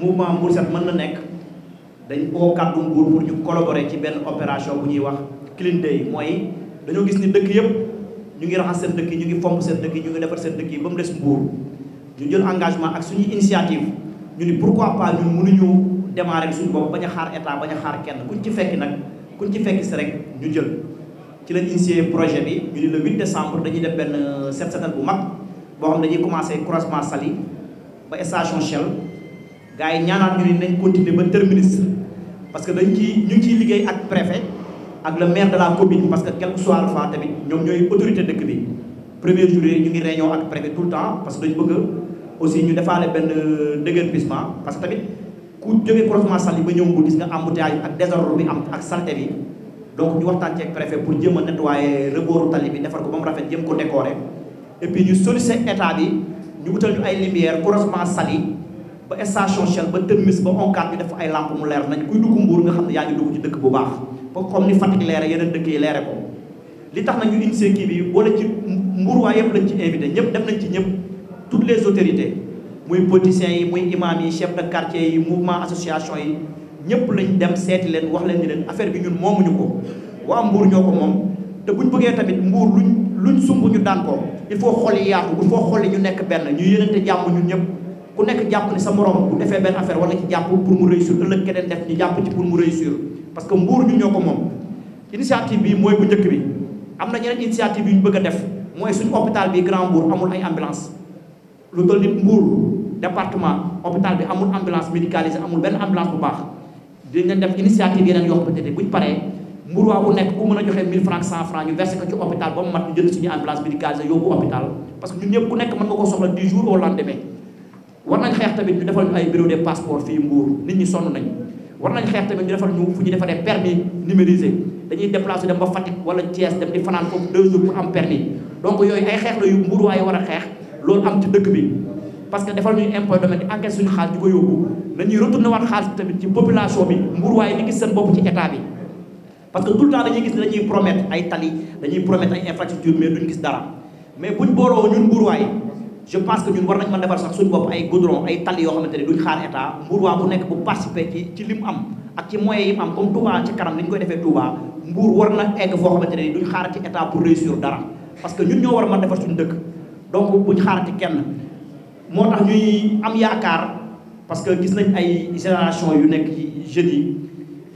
mouvement Mbour Set mën na nekk dañ koo kàddu nguur pour ñu collaborer ci benn opération bu ñuy wax clean day mooy dañoo gis ni dëkk yëpp ñu ngi raxas seen dëkk yi ñu ngi fomp seen dëkk yi ñu ngi defar seen dëkk yi ba mu des Mbour ñu jël engagement ak suñuy initiative ñu ni pourquoi pas ñun ñu démarrer suñu bopp bañ a xaar état bañ xaar kenn kuñ ci fekki nag kuñ ci fekki si rek ñu jël ci lañ initié projet bi ñu ni le 8 décembre dañuy def benn euh, set bu mag boo xam dañuy commencé croisement sali ba station Shell gars yi ñaanaat ñu ni nañ continuer ba terminus parce que dañ ci ñu ciy liggéey ak préfet ak le maire de la commune parce que quelque soit le fois tamit ñoom ñooy autorité dëkk bi premier jour ñu ngi réunion ak préfet tout le temps parce que dañu bëgg aussi ñu defaale benn euh, déguerpissement parce que tamit ku jógee croisement sali ba ñëw bu gis nga embouteillage ak désordre bi am ak saleté bi donc ñu waxtaan ceeg préfet pour jéem a nettoyer tali bi defar ko ba mu rafet jéem ko décorer et puis ñu solliciter état bi ñu utal ñu ay lumière croisement Saly ba station Shell ba Terminus ba Oncat bi def ay lampe mu leer nañ kuy dugg Mbour nga xam ne yaa ngi dugg ci dëkk bu baax comme ni Fatick leere yeneen dëkk yi leere ko li tax nañu initié kii bi boole ci Mbour waa yëpp lañ ci invité ñëpp dem nañ ci ñëpp toutes les autorités muy politiciens yi muy imam yi chef de quartier yi mouvement association yi ñëpp lañ dem seeti leen wax leen ni leen affaire bi ñun moomuñu ko waa mbuur ñoo ko moom te buñ bëggee tamit mbuur luñ luñ sumb ñu daan ko il faut xool yi yaatu il faut xool yi ñu nekk benn ñu yénente jàmm ñu ñëpp ku nekk jàpp ni sa morom bu defee benn affaire wala ci jàpp pour mu réussir ëllëg keneen def ñu jàpp ci pour mu réussir parce que mbuur ñu ñoo ko moom initiative bi mooy bu njëkk bi am na ñeneen initiative yu ñu bëgg a def mooy suñu hôpital bi gra Mbour amul ay ambulance lu toll ni Mbour département hôpital bi amul ambulance médicalisée amul benn ambulance bu baax dinañ def initiative yeneen yoo xamante ne buñ paree mburu bu nekk ku mën a joxe 1000 francs 100 francs ñu versé ko ci hôpital ba mu mat ñu jënd suñu ambulance médicalisée yóbbu hôpital parce que ñun ñu defal ñu ay bureau de passeport fii Mbour nit ñi sonn nañ war nañ xeex tamit ñu defal ñu fu ñu defaree permis numérisé dañuy déplacé dem ba Fatick wala Thiès dem di fanaan foofu 2 jours pour am permis donc yooyu ay xeex la yu Mbour war a xeex loolu am ci dëkk bi parce que defal ñu impôt domaine di enquête suñu xaalis di ko yóbbu nañuy retourné waat xaalis bi tamit ci population bi mbuur waaye di gis seen bopp ci état bi parce que tout temps dañuy gis ne dañuy promettre ay tali dañuy promettre ay infrastructure mais duñ gis dara mais buñ booloo ñun mbuur waaye je pense que ñun war nañ mën defar sax suñu bopp ay goudron ay tali yoo xamante ne duñ xaar état mbuur waa bu nekk bu participer ci ci am ak ci moyens yi defee Touba mbuur war na egg xaar ci état parce que ñun ñoo war a moo tax ñuy am yaakaar parce que gis nañ ay génération yu nekk ci jeunes yi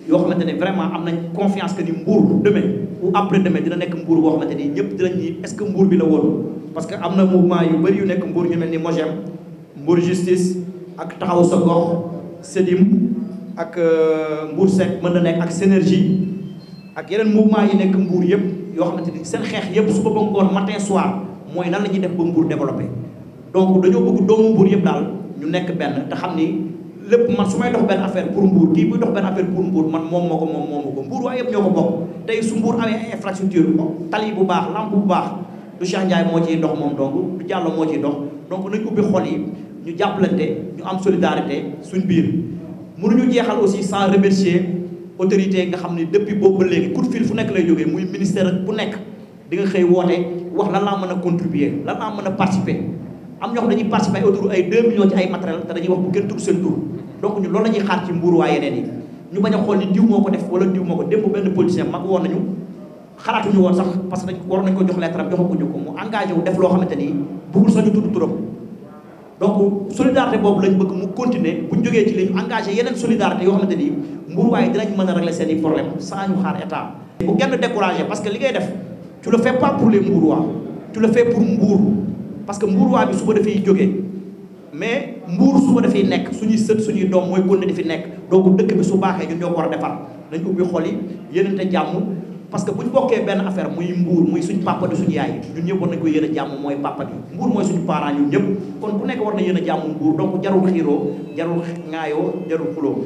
yoo xamante ne vraiment am nañ confiance que ni mbuur demain ou après demain dina nekk mbuur boo xamante ni ñëpp dinañ ni est-ce que mbuur bi la woon parce que am na mouvement yu bëri yu nekk mbuur ñu mel ni Mogem mbuur justice ak taxaw sa gox Sedim ak euh, mbuur Seck mën na nekk ak Synergie ak yeneen mouvement yi nekk mbuur yëpp yoo xamante ni seen xeex yëpp suba ba ngoon matin soir mooy nan la ñuy def mbuur développé donc dañoo bëgg doomu mbuur yëpp daal ñu nekk benn te xam ni lépp man su may dox benn affaire pour mbuur kii buy dox benn affaire pour mbuur man moom moo ko moom moo ko mbuur waaye yëpp ñoo ko bokk tey su mbuur amee ay infrastructure tali bu baax lampe bu baax du Cheikh Ndiaye moo ciy dox moom donc du Diallo moo ciy dox donc nañ ubbi xol yi ñu jàppalante ñu am solidarité suñ biir mënuñu jeexal aussi sans remercier autorité nga xam ne depuis boobu ba léegi coup de fil fu nekk lay jógee muy ministère bu nekk di nga xëy woote wax lan laa mën a contribuer lan laa mën a participer am ñoo xam dañuy participer ay autour ay 2 millions ci ay matériel te dañuy wax bu kenn tudd seen tur donc ñu loolu la xaar ci mbuur yeneen yi ñu bañ a xool ni diw moo ko def wala diw moo ko démb woon nañu xalaatuñu woon sax parce que waroon nañu ko jox am joxaguñu ko mu engagé wu def loo xamante ni bëggul sax ñu tudd turam donc solidarité boobu lañ bëgg mu continuer bu ñu jógee ci li ñu engagé yeneen solidarité yoo xamante ni mbuur waaye dinañ mën a régler seen i problème sans ñu xaar état bu kenn découragé parce que li ngay def tu parce que mbuur waa bi suba dafay jógee mais mbuur suba dafay nekk suñuy sët suñuy doom mooy kon ne dafi nekk donc dëkk bi su baaxee ñun ñoo ko war a defar nañ ubbi xol yi yéenante jàmm parce que bu ñu bokkee benn affaire muy mbuur muy suñ papa di suñu yaay ñun ñëpp war nañ ko yéen a jàmm mooy papa bi mbuur mooy suñu parent ñun ñëpp kon ku nekk war na yéen a jàmm mbuur donc jarul xiiroo jarul ŋaayoo jarul xuloo